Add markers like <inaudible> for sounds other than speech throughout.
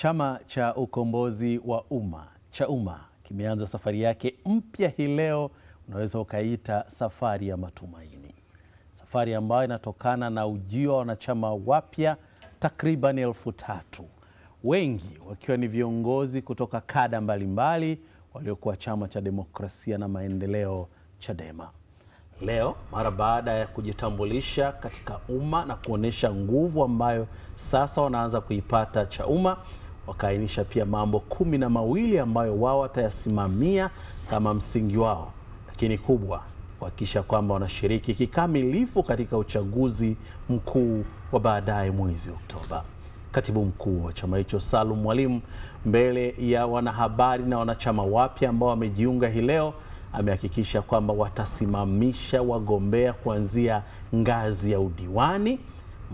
Chama cha Ukombozi wa Umma cha umma kimeanza safari yake mpya hii leo, unaweza ukaita safari ya matumaini, safari ambayo inatokana na ujio wa wanachama wapya takriban elfu tatu, wengi wakiwa ni viongozi kutoka kada mbalimbali waliokuwa chama cha demokrasia na maendeleo CHADEMA. Leo mara baada ya kujitambulisha katika umma na kuonyesha nguvu ambayo sasa wanaanza kuipata CHAUMMA, wakaainisha pia mambo kumi na mawili ambayo wao watayasimamia kama msingi wao, lakini kubwa kuhakikisha kwamba wanashiriki kikamilifu katika uchaguzi mkuu wa baadaye mwezi Oktoba. Katibu mkuu wa chama hicho Salum Mwalimu, mbele ya wanahabari na wanachama wapya ambao wamejiunga hii leo, amehakikisha kwamba watasimamisha wagombea kuanzia ngazi ya udiwani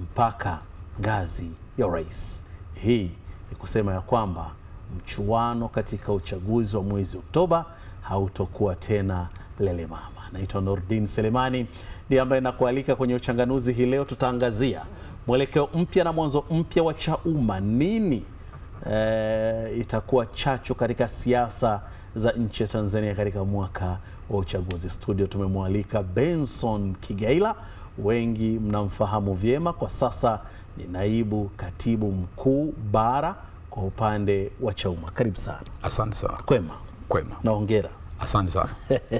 mpaka ngazi ya urais. Hii ni kusema ya kwamba mchuano katika uchaguzi wa mwezi Oktoba hautokuwa tena lele mama. Naitwa Nurdin Selemani ndiye ambaye nakualika kwenye Uchanganuzi hii leo. Tutaangazia mwelekeo mpya na mwanzo mpya wa chaumma Nini e, itakuwa chachu katika siasa za nchi ya Tanzania katika mwaka wa uchaguzi. Studio tumemwalika Benson Kigaila wengi mnamfahamu vyema, kwa sasa ni naibu katibu mkuu bara kwa upande wa Chauma. Karibu sana. Asante sana. Kwema? Kwema. Na hongera. Asante sana.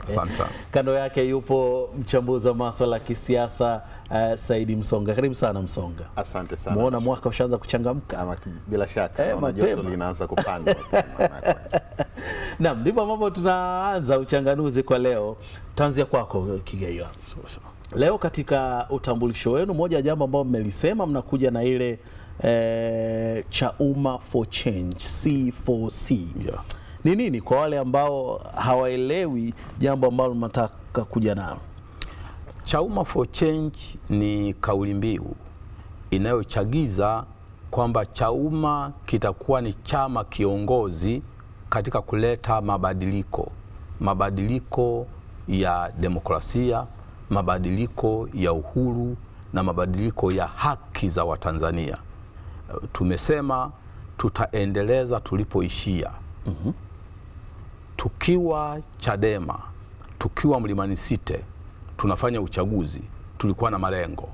Asante sana. <laughs> Kando yake yupo mchambuzi wa masuala ya kisiasa uh, Saidi Msonga. Karibu sana Msonga. Asante sana. Muona mwaka ushaanza kuchangamka. Bila shaka. E, joto linaanza kupanda. <laughs> <laughs> Naam, ndipo mambo tunaanza uchanganuzi kwa leo. Tuanzia kwako Kigaio. Leo katika utambulisho wenu, moja ya jambo ambalo mmelisema mnakuja na ile e, eh, Chauma for Change C4C yeah. Ni nini kwa wale ambao hawaelewi jambo ambalo mnataka kuja nalo? Chauma for Change ni kauli mbiu inayochagiza kwamba Chauma kitakuwa ni chama kiongozi katika kuleta mabadiliko, mabadiliko ya demokrasia mabadiliko ya uhuru na mabadiliko ya haki za Watanzania. Tumesema tutaendeleza tulipoishia. mm -hmm. Tukiwa Chadema, tukiwa Mlimani Site, tunafanya uchaguzi, tulikuwa na malengo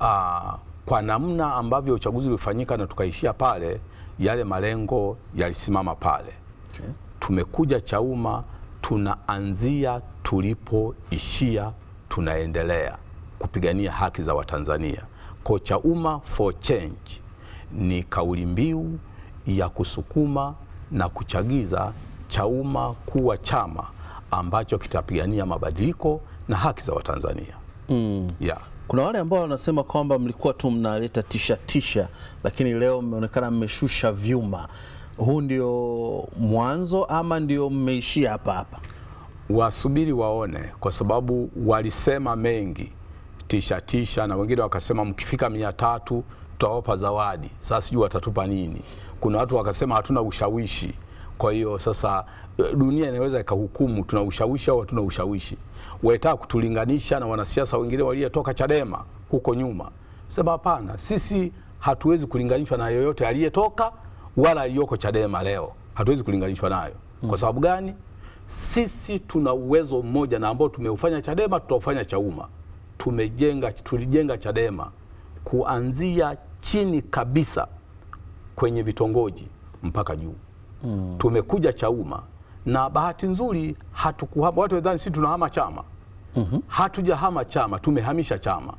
aa, ah, kwa namna ambavyo uchaguzi ulifanyika na tukaishia pale, yale malengo yalisimama pale. okay. Tumekuja Chauma tunaanzia tulipoishia, tunaendelea kupigania haki za Watanzania. CHAUMMA for Change ni kauli mbiu ya kusukuma na kuchagiza CHAUMMA kuwa chama ambacho kitapigania mabadiliko na haki za Watanzania. Mm. Yeah. Kuna wale ambao wanasema kwamba mlikuwa tu mnaleta tisha tisha, lakini leo mmeonekana mmeshusha vyuma huu ndio mwanzo ama ndio mmeishia hapa hapa? Wasubiri waone, kwa sababu walisema mengi tisha tisha, na wengine wakasema mkifika mia tatu tutawapa zawadi. Sasa sijui watatupa nini. Kuna watu wakasema hatuna ushawishi. Kwa hiyo sasa eh, dunia inaweza ikahukumu tuna ushawishi au hatuna ushawishi. Walitaka kutulinganisha na wanasiasa wengine waliyetoka Chadema huko nyuma, sema hapana, sisi hatuwezi kulinganishwa na yoyote aliyetoka wala aliyoko Chadema leo hatuwezi kulinganishwa nayo mm. Kwa sababu gani? Sisi tuna uwezo mmoja na ambao tumeufanya Chadema, tutaufanya Chauma. Tumejenga, tulijenga Chadema kuanzia chini kabisa kwenye vitongoji mpaka juu mm. Tumekuja Chauma na bahati nzuri hatukuhama. Watu wadhani sisi tunahama chama mm -hmm. Hatujahama chama, tumehamisha chama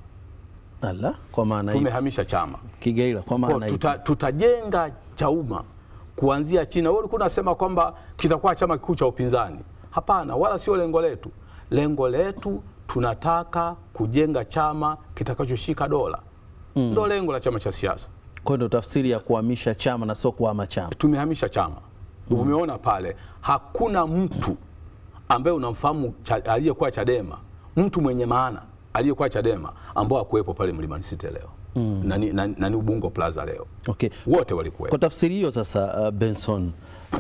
Ala, kwa maana tumehamisha chama Kigeila, kwa maana tuta, tutajenga umma kuanzia China. Wewe ulikuwa unasema kwamba kitakuwa chama kikuu cha upinzani. Hapana, wala sio lengo letu. Lengo letu tunataka kujenga chama kitakachoshika dola mm. Ndo lengo la chama cha siasa. Kwa hiyo ndo tafsiri ya kuhamisha chama na sio kuhama chama. Tumehamisha chama mm. Umeona pale, hakuna mtu ambaye unamfahamu cha, aliyekuwa Chadema mtu mwenye maana aliyekuwa Chadema ambao hakuwepo pale Mlimani City leo mm. na ni nani, nani Ubungo Plaza leo okay. wote walikuwepo. Kwa tafsiri hiyo sasa, uh, Benson uh,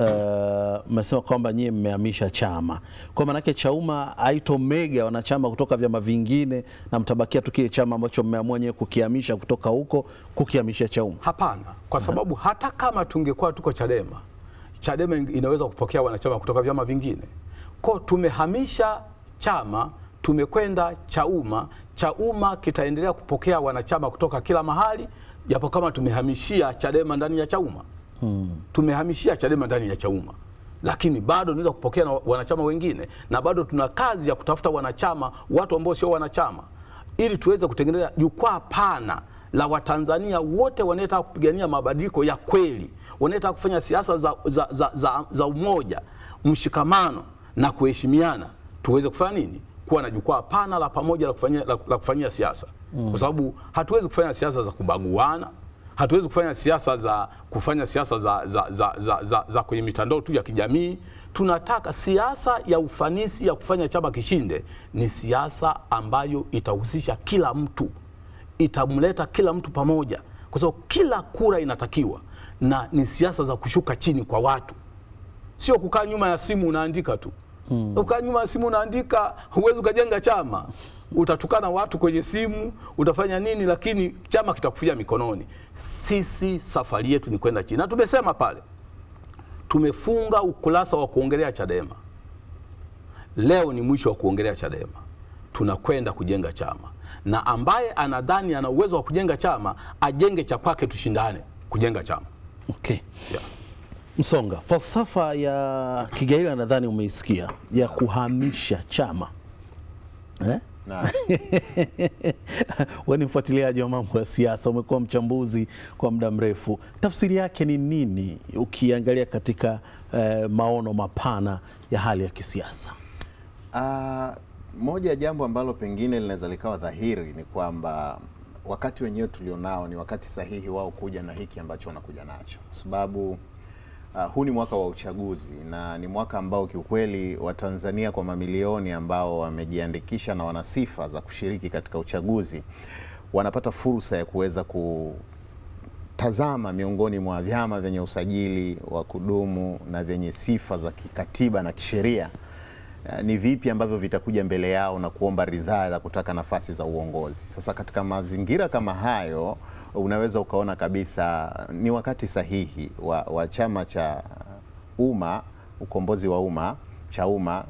mmesema uh, kwamba nyie mmehamisha chama kwa maanake Chauma aito mega wanachama kutoka vyama vingine na mtabakia tu kile chama ambacho mmeamua nyewe kukihamisha kutoka huko kukihamisha Chauma? Hapana, kwa sababu uh -huh. hata kama tungekuwa tuko Chadema, Chadema inaweza kupokea wanachama kutoka vyama vingine, kwa tumehamisha chama tumekwenda Chauma. Chauma kitaendelea kupokea wanachama kutoka kila mahali, japo kama tumehamishia Chadema ndani ya Chauma hmm. tumehamishia Chadema ndani ya Chauma, lakini bado tunaweza kupokea na wanachama wengine, na bado tuna kazi ya kutafuta wanachama, watu ambao sio wanachama, ili tuweze kutengeneza jukwaa pana la Watanzania wote wanaotaka kupigania mabadiliko ya kweli, wanaotaka kufanya siasa za, za, za, za, za umoja, mshikamano na kuheshimiana, tuweze kufanya nini kuwa na jukwaa pana la pamoja la kufanyia, la, la kufanyia siasa mm. kwa sababu hatuwezi kufanya siasa za kubaguana, hatuwezi kufanya siasa za kufanya siasa za, za, za, za, za, za kwenye mitandao tu ya kijamii. Tunataka siasa ya ufanisi ya kufanya chama kishinde, ni siasa ambayo itahusisha kila mtu, itamleta kila mtu pamoja, kwa sababu kila kura inatakiwa, na ni siasa za kushuka chini kwa watu, sio kukaa nyuma ya simu unaandika tu mm. Ukanyuma simu unaandika, huwezi ukajenga chama utatukana watu kwenye simu, utafanya nini, lakini chama kitakufia mikononi. Sisi safari yetu ni kwenda chini, na tumesema pale, tumefunga ukurasa wa kuongelea Chadema. Leo ni mwisho wa kuongelea Chadema, tunakwenda kujenga chama, na ambaye anadhani ana uwezo wa kujenga chama ajenge cha kwake, tushindane kujenga chama okay. yeah. Msonga, falsafa ya Kigaila nadhani umeisikia ya kuhamisha chama eh? <laughs> Wewe ni mfuatiliaji wa mambo ya siasa, umekuwa mchambuzi kwa muda mrefu, tafsiri yake ni nini ukiangalia katika eh, maono mapana ya hali ya kisiasa? Uh, moja ya jambo ambalo pengine linaweza likawa dhahiri ni kwamba wakati wenyewe tulionao ni wakati sahihi wao kuja na hiki ambacho wanakuja nacho, kwa sababu Uh, huu ni mwaka wa uchaguzi na ni mwaka ambao kiukweli Watanzania kwa mamilioni ambao wamejiandikisha na wana sifa za kushiriki katika uchaguzi wanapata fursa ya kuweza kutazama miongoni mwa vyama vyenye usajili wa kudumu na vyenye sifa za kikatiba na kisheria Eh, ni vipi ambavyo vitakuja mbele yao na kuomba ridhaa za kutaka nafasi za uongozi. Sasa katika mazingira kama hayo, unaweza ukaona kabisa ni wakati sahihi wa, wa chama cha umma, ukombozi wa umma, umma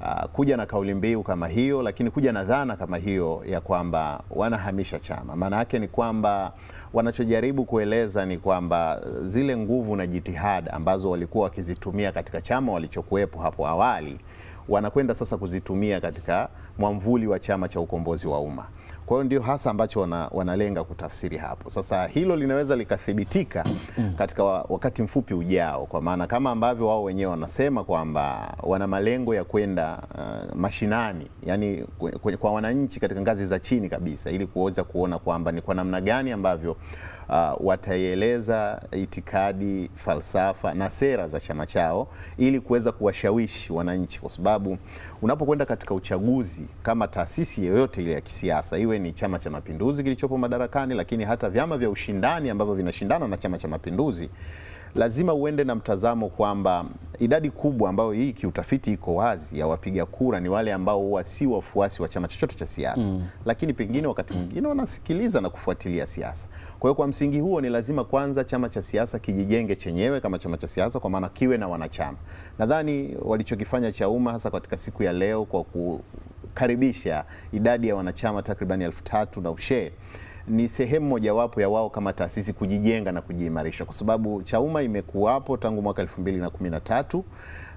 Uh, kuja na kauli mbiu kama hiyo, lakini kuja na dhana kama hiyo ya kwamba wanahamisha chama. Maana yake ni kwamba wanachojaribu kueleza ni kwamba zile nguvu na jitihada ambazo walikuwa wakizitumia katika chama walichokuwepo hapo awali wanakwenda sasa kuzitumia katika mwamvuli wa Chama cha Ukombozi wa Umma. Kwa hiyo ndio hasa ambacho wana, wanalenga kutafsiri hapo. Sasa hilo linaweza likathibitika mm. katika wakati mfupi ujao, kwa maana kama ambavyo wao wenyewe wanasema kwamba wana malengo ya kwenda uh, mashinani, yani kwa wananchi katika ngazi za chini kabisa, ili kuweza kuona kwamba ni kwa namna gani ambavyo uh, wataieleza itikadi, falsafa na sera za chama chao ili kuweza kuwashawishi wananchi, kwa sababu unapokwenda katika uchaguzi kama taasisi yoyote ile ya kisiasa, iwe ni Chama cha Mapinduzi kilichopo madarakani, lakini hata vyama vya ushindani ambavyo vinashindana na Chama cha Mapinduzi lazima uende na mtazamo kwamba idadi kubwa ambayo hii kiutafiti iko wazi ya wapiga kura ni wale ambao huwa si wafuasi wa chama chochote cha siasa mm. Lakini pengine wakati mm. mwingine mm. wanasikiliza na kufuatilia siasa. Kwa hiyo kwa msingi huo ni lazima kwanza chama cha siasa kijijenge chenyewe kama chama cha siasa, kwa maana kiwe na wanachama. Nadhani walichokifanya CHAUMMA hasa katika siku ya leo kwa kukaribisha idadi ya wanachama takribani elfu tatu na ushee ni sehemu mojawapo ya wao kama taasisi kujijenga na kujiimarisha, kwa sababu CHAUMMA imekuwapo tangu mwaka 2013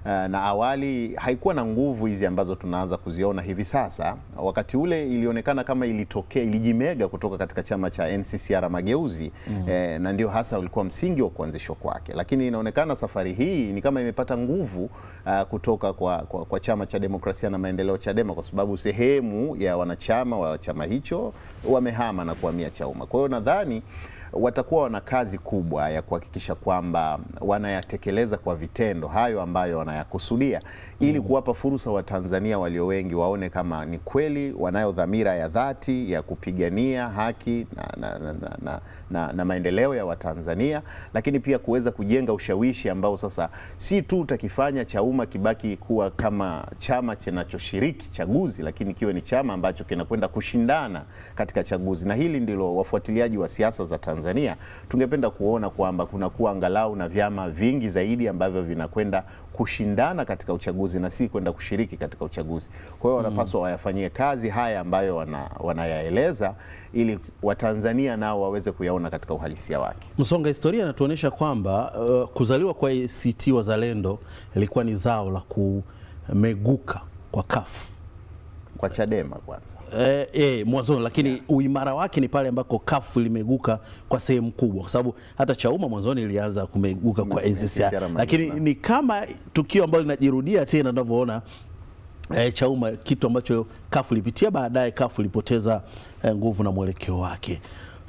Eh, na awali haikuwa na nguvu hizi ambazo tunaanza kuziona hivi sasa. Wakati ule ilionekana kama ilitokea, ilijimega kutoka katika chama cha NCCR Mageuzi mm eh, na ndio hasa ulikuwa msingi wa kuanzishwa kwake, lakini inaonekana safari hii ni kama imepata nguvu uh, kutoka kwa, kwa, kwa chama cha demokrasia na maendeleo Chadema, kwa sababu sehemu ya wanachama wa chama hicho wamehama na kuhamia Chauma. Kwa hiyo nadhani watakuwa wana kazi kubwa ya kuhakikisha kwamba wanayatekeleza kwa vitendo hayo ambayo wanayakusudia, ili mm. kuwapa fursa Watanzania walio wengi waone kama ni kweli wanayo dhamira ya dhati ya kupigania haki na, na, na, na, na, na, na maendeleo ya Watanzania, lakini pia kuweza kujenga ushawishi ambao sasa si tu utakifanya cha umma kibaki kuwa kama chama kinachoshiriki chaguzi, lakini kiwe ni chama ambacho kinakwenda kushindana katika chaguzi, na hili ndilo wafuatiliaji wa siasa za Tanzania Tanzania, tungependa kuona kwamba kunakuwa angalau na vyama vingi zaidi ambavyo vinakwenda kushindana katika uchaguzi na si kwenda kushiriki katika uchaguzi. Kwa hiyo wanapaswa mm. wayafanyie kazi haya ambayo wana, wanayaeleza ili Watanzania nao waweze kuyaona katika uhalisia wake. Msonga, historia inatuonyesha kwamba uh, kuzaliwa kwa ACT Wazalendo ilikuwa ni zao la kumeguka kwa kafu kwa Chadema kwanza eh, eh, mwanzoni, lakini yeah. uimara wake ni pale ambako CUF limeguka kwa sehemu kubwa, kwa sababu hata Chauma mwanzoni ilianza kumeguka kwa NCCR, lakini ni kama tukio ambalo linajirudia tena tunavyoona eh, Chauma, kitu ambacho CUF lipitia baadaye, CUF lipoteza eh, nguvu na mwelekeo wake.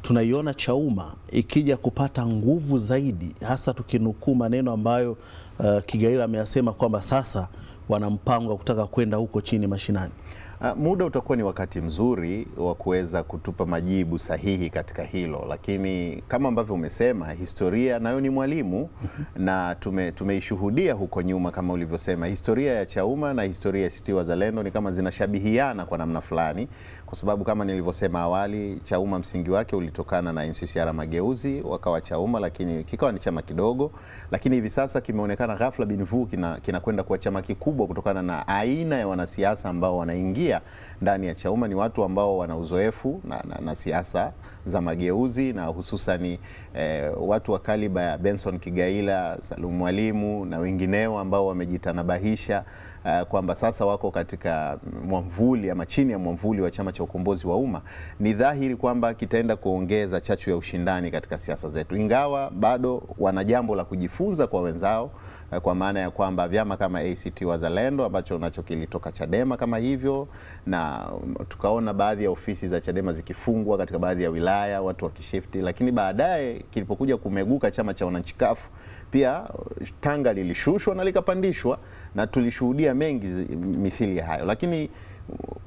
Tunaiona Chauma ikija kupata nguvu zaidi, hasa tukinukuu maneno ambayo uh, Kigaila ameyasema kwamba sasa wana mpango wa kutaka kwenda huko chini mashinani. Uh, muda utakuwa ni wakati mzuri wa kuweza kutupa majibu sahihi katika hilo, lakini kama ambavyo umesema, historia nayo ni mwalimu mhm. na tume, tumeishuhudia huko nyuma kama ulivyosema, historia ya Chauma na historia ya ACT Wazalendo ni kama zinashabihiana kwa namna fulani, kwa sababu kama nilivyosema awali, Chauma msingi wake ulitokana na NCCR Mageuzi, wakawa Chauma, lakini kikawa ni chama kidogo, lakini hivi sasa kimeonekana ghafla binvu kinakwenda kina kuwa chama kikubwa kutokana na aina ya wanasiasa ambao wanaingia ndani ya Chauma. Ni watu ambao wana uzoefu na, na, na siasa za mageuzi na hususan eh, watu wa kaliba ya Benson Kigaila, Salum Mwalimu na wengineo ambao wamejitanabahisha uh, kwamba sasa wako katika mwamvuli ama chini ya mwamvuli wa Chama cha Ukombozi wa Umma, ni dhahiri kwamba kitaenda kuongeza chachu ya ushindani katika siasa zetu, ingawa bado wana jambo la kujifunza kwa wenzao Eh, kwa maana ya kwamba vyama kama ACT Wazalendo ambacho nacho kilitoka Chadema kama hivyo, na um, tukaona baadhi ya ofisi za Chadema zikifungwa katika baadhi ya wilaya, watu wakishifti. Lakini baadaye kilipokuja kumeguka chama cha wananchi CUF, pia uh, tanga lilishushwa na likapandishwa, na tulishuhudia mengi mithili ya hayo, lakini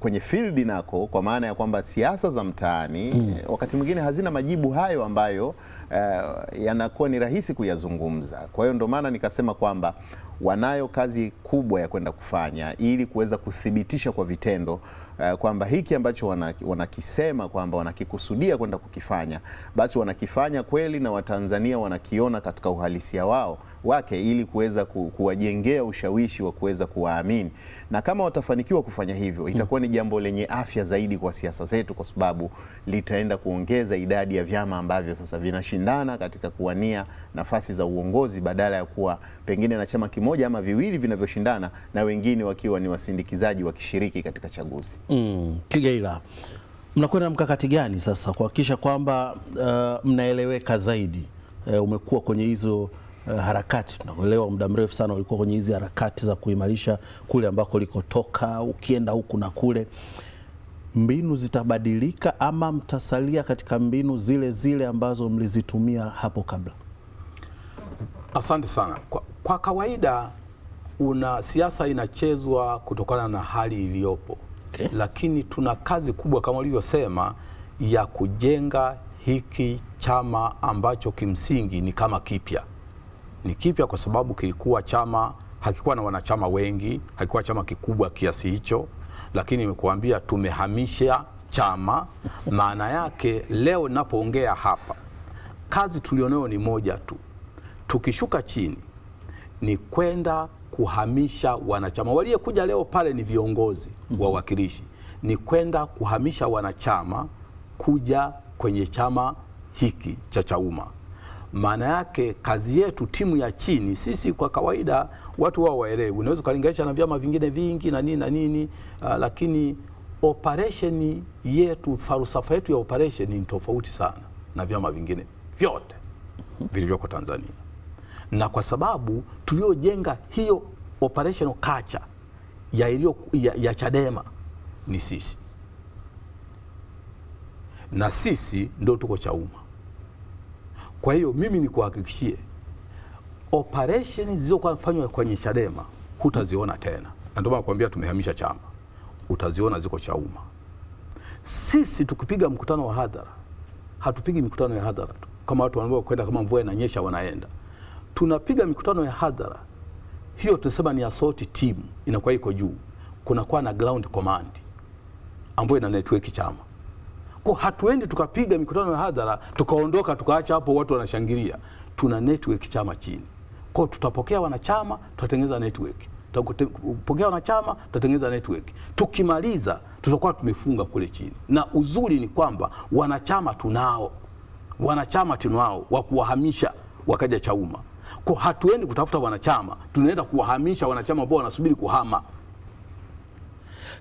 kwenye field nako, kwa maana ya kwamba siasa za mtaani mm. Eh, wakati mwingine hazina majibu hayo ambayo uh, yanakuwa ni rahisi kuyazungumza. Kwa hiyo ndio maana nikasema kwamba wanayo kazi kubwa ya kwenda kufanya ili kuweza kuthibitisha kwa vitendo uh, kwamba hiki ambacho wanakisema wana kwamba wanakikusudia kwenda kukifanya basi wanakifanya kweli na Watanzania wanakiona katika uhalisia wao wake ili kuweza kuwajengea ushawishi wa kuweza kuwaamini, na kama watafanikiwa kufanya hivyo itakuwa ni jambo lenye afya zaidi kwa siasa zetu, kwa sababu litaenda kuongeza idadi ya vyama ambavyo sasa vinashindana katika kuwania nafasi za uongozi badala ya kuwa pengine na chama kimoja ama viwili vinavyoshindana na wengine wakiwa ni wasindikizaji wakishiriki katika chaguzi. Mm, Kigeila mnakwenda mkakati gani sasa kuhakikisha kwamba uh, mnaeleweka zaidi? Uh, umekuwa kwenye hizo uh, harakati, tunaelewa muda mrefu sana ulikuwa kwenye hizi harakati za kuimarisha kule ambako likotoka, ukienda huku na kule mbinu zitabadilika ama mtasalia katika mbinu zile zile ambazo mlizitumia hapo kabla? Asante sana. Kwa, kwa kawaida una siasa inachezwa kutokana na hali iliyopo okay. Lakini tuna kazi kubwa kama ulivyosema ya kujenga hiki chama ambacho kimsingi ni kama kipya, ni kipya kwa sababu kilikuwa chama hakikuwa na wanachama wengi, hakikuwa chama kikubwa kiasi hicho, lakini nimekuambia tumehamisha chama. <laughs> Maana yake leo ninapoongea hapa, kazi tulionayo ni moja tu, tukishuka chini ni kwenda kuhamisha wanachama. Waliyekuja leo pale ni viongozi mm -hmm. wawakilishi, ni kwenda kuhamisha wanachama kuja kwenye chama hiki cha Chauma. Maana yake kazi yetu, timu ya chini, sisi kwa kawaida watu wao waelewe, unaweza ukalinganisha na vyama vingine vingi na nini na nini uh, lakini operesheni yetu, falsafa yetu ya operesheni ni tofauti sana na vyama vingine vyote mhm. vilivyoko Tanzania na kwa sababu tuliojenga hiyo operational culture ya, ilio, ya, ya Chadema ni sisi na sisi ndio tuko Chauma. Kwa hiyo mimi nikuhakikishie operesheni zilizofanywa kwenye Chadema hutaziona tena, na ndio maana kuambia tumehamisha chama, utaziona ziko Chauma. Sisi tukipiga mkutano wa hadhara, hatupigi mikutano ya hadhara tu kama watu wanakwenda, kama mvua inanyesha wanaenda tunapiga mikutano ya hadhara hiyo, tunasema ni assault team, inakuwa iko juu, kunakuwa na ground command ambayo ina network chama. Kwa hatuendi tukapiga mikutano ya hadhara tukaondoka tukaacha hapo watu wanashangilia. Tuna network chama chini, kwa tutapokea wanachama, tutatengeneza network, tutapokea wanachama, tutatengeneza network. Tukimaliza tutakuwa tumefunga kule chini, na uzuri ni kwamba wanachama tunao, wanachama tunao wa kuwahamisha wakaja Chauma. Kwa hatuendi kutafuta wanachama, tunaenda kuwahamisha wanachama ambao wanasubiri kuhama.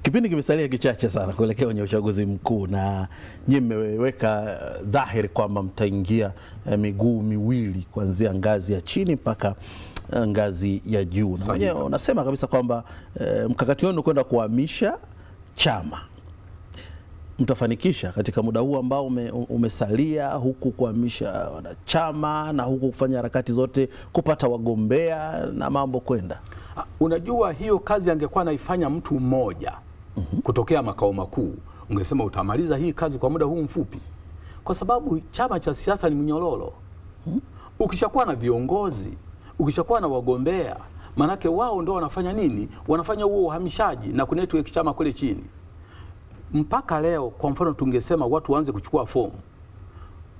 Kipindi kimesalia kichache sana kuelekea kwenye uchaguzi mkuu, na nyi mmeweka dhahiri kwamba mtaingia eh, miguu miwili kuanzia ngazi ya chini mpaka eh, ngazi ya juu, na unasema kabisa kwamba eh, mkakati wenu kwenda kuhamisha chama mtafanikisha katika muda huu ambao ume, umesalia huku kuhamisha wanachama na huku kufanya harakati zote kupata wagombea na mambo kwenda. Ah, unajua, hiyo kazi angekuwa anaifanya mtu mmoja mm -hmm. kutokea makao makuu, ungesema utamaliza hii kazi kwa muda huu mfupi, kwa sababu chama cha siasa ni mnyororo mm -hmm. ukishakuwa na viongozi, ukishakuwa na wagombea, manake wao ndo wanafanya nini? Wanafanya huo uhamishaji na kunetwork chama kule chini mpaka leo, kwa mfano, tungesema watu waanze kuchukua fomu,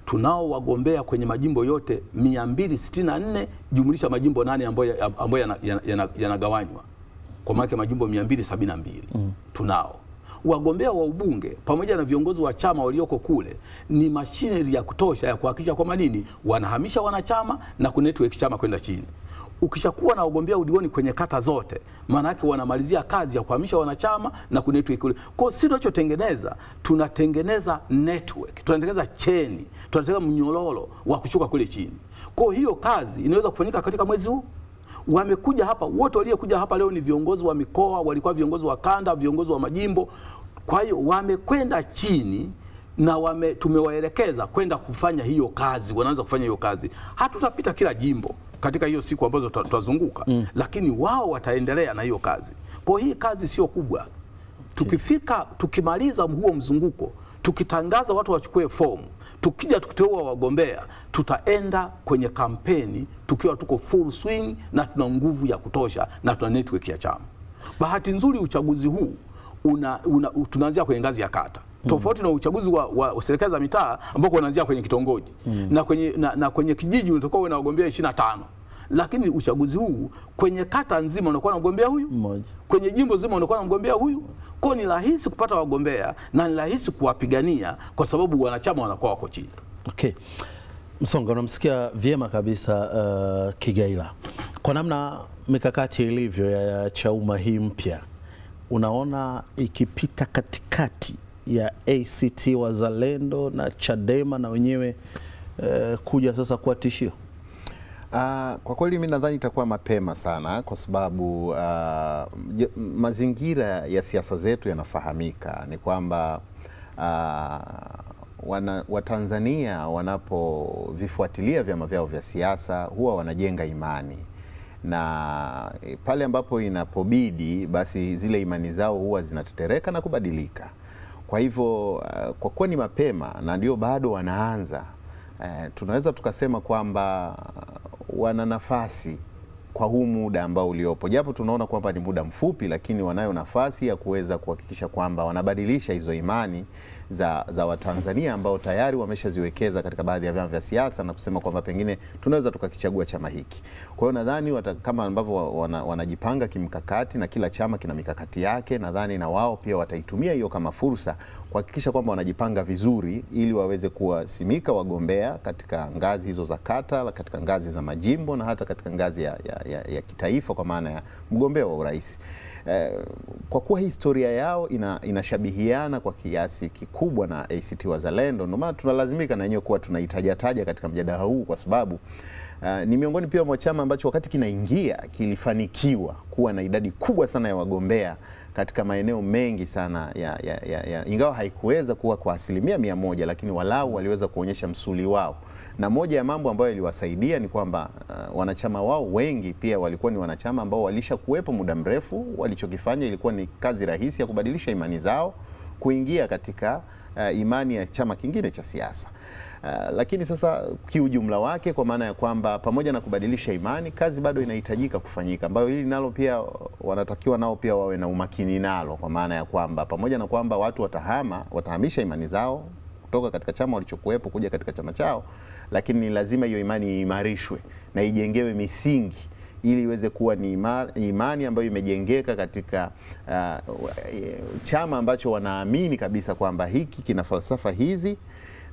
tunao wagombea kwenye majimbo yote 264 jumlisha majimbo nane ambayo ambayo yanagawanywa kwa maana majimbo 272 mm. tunao wagombea wa ubunge pamoja na viongozi wa chama walioko kule, ni mashineri ya kutosha ya kuhakikisha kwamba nini wanahamisha wanachama na kunetwork chama kwenda chini ukishakuwa na wagombea udiwani kwenye kata zote, maana yake wanamalizia kazi ya kuhamisha wanachama na ku network kule. Kwa hiyo si tunachotengeneza, tunatengeneza network, tunatengeneza cheni, tunatengeneza mnyororo wa kuchuka kule chini. Kwa hiyo kazi inaweza kufanyika katika mwezi huu wamekuja hapa wote, waliokuja hapa leo ni viongozi wa mikoa, walikuwa viongozi wa kanda, viongozi wa majimbo. Kwa hiyo wamekwenda chini na wame, tumewaelekeza kwenda kufanya hiyo kazi, wanaanza kufanya hiyo kazi. Hatutapita kila jimbo katika hiyo siku ambazo tutazunguka mm. Lakini wao wataendelea na hiyo kazi. Kwa hii kazi sio kubwa. Tukifika tukimaliza huo mzunguko, tukitangaza watu wachukue fomu, tukija tukiteua wagombea, tutaenda kwenye kampeni tukiwa tuko full swing na tuna nguvu ya kutosha na tuna network ya chama. Bahati nzuri uchaguzi huu una, una, tunaanzia kwenye ngazi ya kata tofauti na uchaguzi wa, wa serikali za mitaa ambao unaanzia kwenye kitongoji mm. na, kwenye, na, na kwenye kijiji unatakuwa na wagombea 25 lakini uchaguzi huu kwenye kata nzima unakuwa na mgombea huyu mmoja, kwenye jimbo zima unakuwa na mgombea huyu. Kwa ni rahisi kupata wagombea na ni rahisi kuwapigania kwa sababu wanachama wanakuwa wako chini. Okay. Msonga, unamsikia vyema kabisa uh, Kigaila, kwa namna mikakati ilivyo ya Chauma hii mpya, unaona ikipita katikati ya ACT Wazalendo na Chadema na wenyewe eh, kuja sasa kuwa tishio? Uh, kwa kweli mimi nadhani itakuwa mapema sana kwa sababu uh, mazingira ya siasa zetu yanafahamika. Ni kwamba uh, Watanzania wanapovifuatilia vyama vyao vya siasa huwa wanajenga imani na eh, pale ambapo inapobidi basi zile imani zao huwa zinatetereka na kubadilika. Kwa hivyo uh, kwa kuwa ni mapema na ndio bado wanaanza uh, tunaweza tukasema kwamba wana nafasi kwa huu muda ambao uliopo, japo tunaona kwamba ni muda mfupi, lakini wanayo nafasi ya kuweza kuhakikisha kwamba wanabadilisha hizo imani za, za Watanzania ambao tayari wameshaziwekeza katika baadhi ya vyama vya siasa na kusema kwamba pengine tunaweza tukakichagua chama hiki. Kwa hiyo nadhani kama ambavyo wana, wanajipanga kimkakati na kila chama kina mikakati yake, nadhani na wao pia wataitumia hiyo kama fursa kuhakikisha kwamba wanajipanga vizuri ili waweze kuwasimika wagombea katika ngazi hizo za kata, katika ngazi za majimbo na hata katika ngazi ya, ya, ya, ya kitaifa kwa maana ya mgombea wa urais. Eh, kwa kuwa historia yao ina, inashabihiana kwa kiasi kikubwa na ACT Wazalendo, ndio maana tunalazimika na yenyewe kuwa tunaitajataja katika mjadala huu kwa sababu Uh, ni miongoni pia mwa chama ambacho wakati kinaingia kilifanikiwa kuwa na idadi kubwa sana ya wagombea katika maeneo mengi sana ya, ya, ya, ya, ingawa haikuweza kuwa kwa asilimia mia moja, lakini walau waliweza kuonyesha msuli wao, na moja ya mambo ambayo iliwasaidia ni kwamba uh, wanachama wao wengi pia walikuwa ni wanachama ambao walisha kuwepo muda mrefu. Walichokifanya ilikuwa ni kazi rahisi ya kubadilisha imani zao kuingia katika uh, imani ya chama kingine cha siasa. Uh, lakini sasa kiujumla wake kwa maana ya kwamba pamoja na kubadilisha imani, kazi bado inahitajika kufanyika, ambayo hili nalo pia wanatakiwa nao pia wawe na umakini nalo, kwa maana ya kwamba pamoja na kwamba watu watahama, watahamisha imani zao kutoka katika chama walichokuwepo kuja katika chama chao, lakini ni lazima hiyo imani iimarishwe na ijengewe misingi ili iweze kuwa ni imani ambayo imejengeka katika uh, chama ambacho wanaamini kabisa kwamba hiki kina falsafa hizi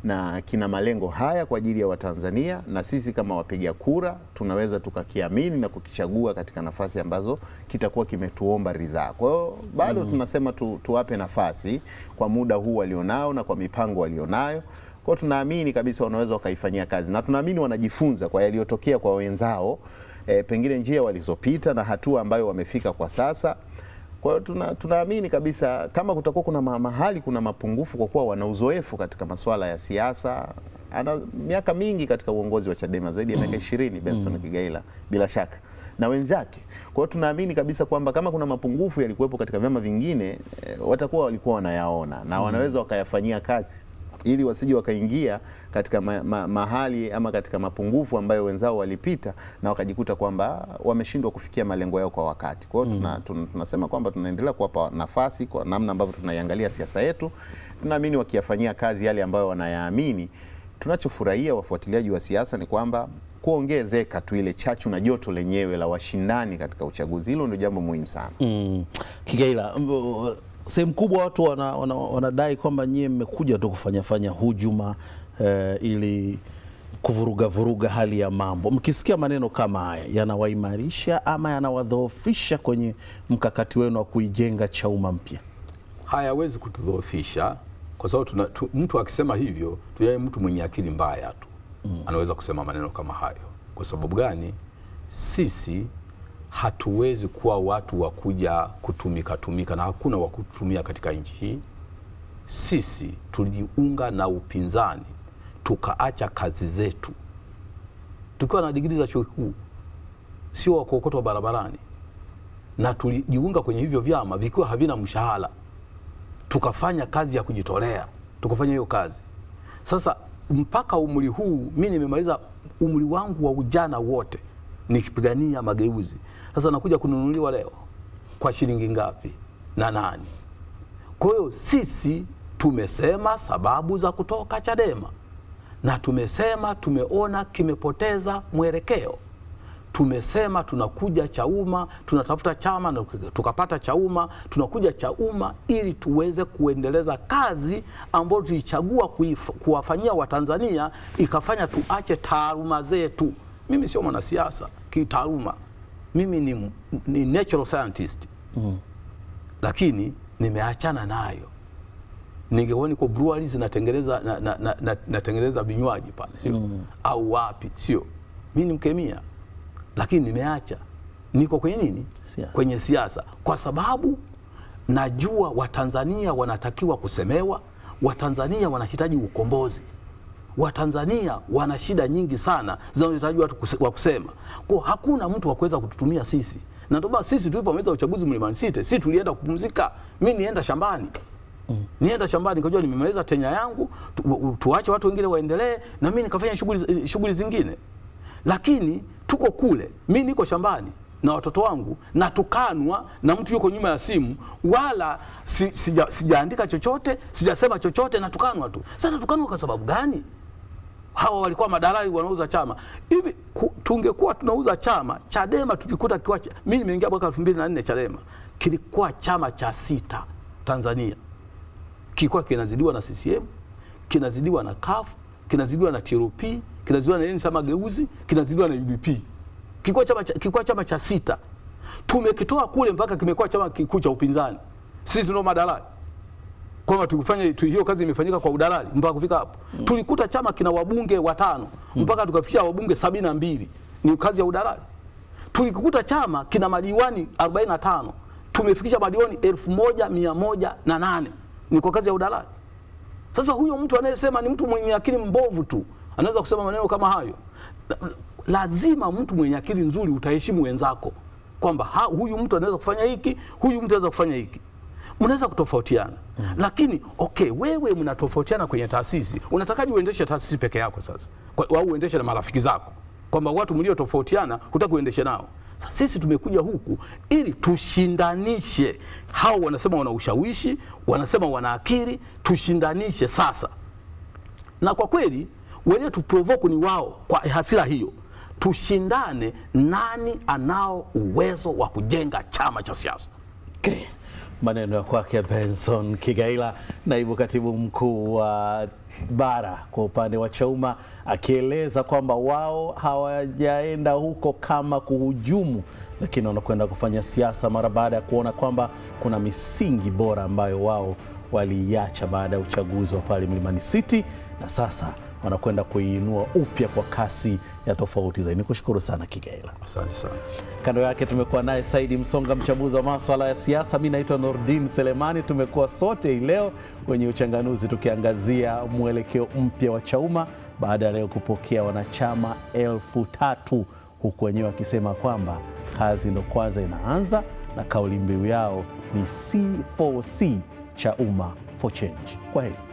na kina malengo haya kwa ajili ya Watanzania, na sisi kama wapiga kura tunaweza tukakiamini na kukichagua katika nafasi ambazo kitakuwa kimetuomba ridhaa. Kwa hiyo bado mm. tunasema tu, tuwape nafasi kwa muda huu walionao na kwa mipango walionayo kwao, tunaamini kabisa wanaweza wakaifanyia kazi na tunaamini wanajifunza kwa yaliyotokea kwa wenzao, e, pengine njia walizopita na hatua ambayo wamefika kwa sasa kwa hiyo tuna, tunaamini kabisa kama kutakuwa kuna mahali kuna mapungufu, kwa kuwa wana uzoefu katika masuala ya siasa, ana miaka mingi katika uongozi wa Chadema zaidi ya miaka mm. ishirini Benson mm. Kigaila bila shaka na wenzake. Kwa hiyo tunaamini kabisa kwamba kama kuna mapungufu yalikuwepo katika vyama vingine, eh, watakuwa walikuwa wanayaona na mm. wanaweza wakayafanyia kazi ili wasije wakaingia katika ma, ma, mahali ama katika mapungufu ambayo wenzao walipita na wakajikuta kwamba wameshindwa kufikia malengo yao kwa wakati. Kwa hiyo tuna, mm. tuna, tunasema kwamba tunaendelea kuwapa nafasi kwa namna ambavyo tunaiangalia siasa yetu. Tunaamini wakiyafanyia kazi yale ambayo wanayaamini, tunachofurahia wafuatiliaji wa siasa ni kwamba kuongezeka tu ile chachu na joto lenyewe la washindani katika uchaguzi, hilo ndio jambo muhimu sana mm. Kigaila sehemu kubwa watu wanadai wana, wana kwamba nyie mmekuja tu kufanyafanya hujuma eh, ili kuvuruga vuruga hali ya mambo. Mkisikia maneno kama haya, yanawaimarisha ama yanawadhoofisha kwenye mkakati wenu wa kuijenga Chauma mpya? Hayawezi kutudhoofisha kwa sababu tu, mtu akisema hivyo tuyaye mtu mwenye akili mbaya tu mm. anaweza kusema maneno kama hayo. Kwa sababu gani? Sisi hatuwezi kuwa watu wa kuja kutumika tumika, na hakuna wa kutumia katika nchi hii. Sisi tulijiunga na upinzani tukaacha kazi zetu tukiwa na digrii za chuo kikuu, sio wa kuokotwa barabarani, na tulijiunga kwenye hivyo vyama vikiwa havina mshahara, tukafanya kazi ya kujitolea, tukafanya hiyo kazi. Sasa mpaka umri huu, mi nimemaliza umri wangu wa ujana wote nikipigania mageuzi. Sasa nakuja kununuliwa leo kwa shilingi ngapi na nani? Kwa hiyo sisi tumesema sababu za kutoka Chadema na tumesema tumeona kimepoteza mwelekeo. Tumesema tunakuja Chauma, tunatafuta chama na tukapata Chauma. Tunakuja Chauma ili tuweze kuendeleza kazi ambayo tulichagua kuwafanyia Watanzania, ikafanya tuache taaluma zetu. Mimi sio mwanasiasa, kitaaluma mimi ni, ni natural scientist mm. Lakini nimeachana nayo, ningeoni kwa breweries natengeneza na, na, na, na, vinywaji pale sio mm. au wapi sio, mimi ni mkemia, lakini nimeacha, niko kwenye nini siasa. Kwenye siasa kwa sababu najua Watanzania wanatakiwa kusemewa, Watanzania wanahitaji ukombozi. Watanzania wana shida nyingi sana zinazohitaji watu kuse, wa kusema kwa hakuna mtu wa kuweza kututumia sisi, na ndio basi sisi tulipomaliza uchaguzi Mlimani City sisi tulienda kupumzika. Mimi nienda shambani mm. nienda shambani kujua nimemaliza tenya yangu tu, tu, tuache watu wengine waendelee, na mimi nikafanya shughuli shughuli zingine, lakini tuko kule, mimi niko shambani na watoto wangu natukanwa na mtu yuko nyuma ya simu, wala si, sija, sijaandika chochote sijasema chochote, natukanwa tu. Sasa natukanwa kwa sababu gani? hawa walikuwa madalali wanauza chama hivi. Tungekuwa tunauza chama Chadema tukikuta kiwa ch... mimi nimeingia mwaka 2004 Chadema kilikuwa chama cha sita Tanzania, kilikuwa kinazidiwa na CCM, kinazidiwa na CUF, kinazidiwa na TLP, kinazidiwa na nini sama mageuzi, kinazidiwa na UDP. Kilikuwa chama cha, kilikuwa chama cha sita, tumekitoa kule mpaka kimekuwa chama kikuu cha upinzani. Sisi ndio madalali kwamba tukifanya hiyo kazi imefanyika kwa udalali mpaka kufika hapo. Mm. Tulikuta chama kina wabunge watano mm. mpaka tukafikia wabunge sabini na mbili. Ni kazi ya udalali. Tulikuta chama kina madiwani 45 tumefikisha madiwani 1108 ni kwa kazi ya udalali. Sasa huyo mtu anayesema ni mtu mwenye akili mbovu tu anaweza kusema maneno kama hayo. Lazima mtu mwenye akili nzuri utaheshimu wenzako kwamba huyu mtu anaweza kufanya hiki, huyu mtu anaweza kufanya hiki mnaweza kutofautiana mm. Lakini okay, wewe mnatofautiana kwenye taasisi, unatakaje uendeshe taasisi peke yako sasa, au uendeshe na marafiki zako, kwamba watu mliotofautiana hutaki uendeshe nao? Sisi tumekuja huku ili tushindanishe. Hao wanasema wana ushawishi, wanasema wana akili, tushindanishe sasa. Na kwa kweli wenye tuprovoku ni wao kwa hasira hiyo, tushindane nani anao uwezo wa kujenga chama cha siasa okay. Maneno ya kwake Benson Kigaila, naibu katibu mkuu wa bara kwa upande wa Chauma, akieleza kwamba wao hawajaenda huko kama kuhujumu, lakini wanakwenda kufanya siasa mara baada ya kuona kwamba kuna misingi bora ambayo wao waliiacha baada ya uchaguzi wa pale Mlimani City na sasa wanakwenda kuiinua upya kwa kasi ya tofauti zaidi. Nikushukuru sana Kigaila, asante sana. Kando yake tumekuwa naye Saidi Msonga, mchambuzi wa maswala ya siasa. Mi naitwa Nordin Selemani. Tumekuwa sote hii leo kwenye Uchanganuzi tukiangazia mwelekeo mpya wa Chauma baada ya leo kupokea wanachama elfu tatu huku wenyewe wakisema kwamba kazi ndo kwanza inaanza, na kauli mbiu yao ni C4C Chauma for Change. Kwa heri.